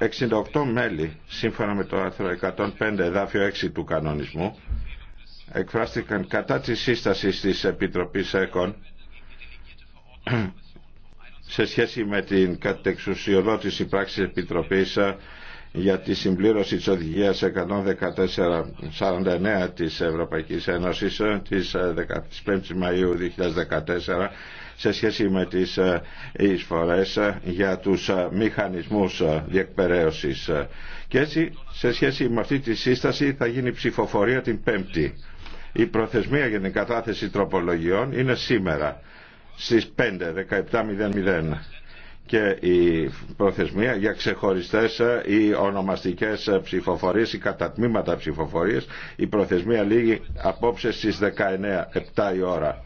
68 μέλη, σύμφωνα με το άρθρο 105 εδάφιο 6 του κανονισμού, εκφράστηκαν κατά τη σύσταση της Επιτροπής ΕΚΟΝ σε σχέση με την κατεξουσιοδότηση πράξης Επιτροπής για τη συμπλήρωση της οδηγίας 114-49 της Ευρωπαϊκής Ένωσης ε, της 15ης ε, Μαΐου 2014 σε σχέση με τις ε, εισφορές για τους μηχανισμούς διεκπαιρέωσης. Και έτσι σε σχέση με αυτή τη σύσταση θα γίνει ψηφοφορία την Πέμπτη. Η προθεσμία για την κατάθεση τροπολογιών είναι σήμερα στις 5.17.00 και η προθεσμία για ξεχωριστές ή ονομαστικές ψηφοφορίες ή κατά τμήματα ψηφοφορίες. Η προθεσμία λήγει απόψε στις 19:07 η ώρα.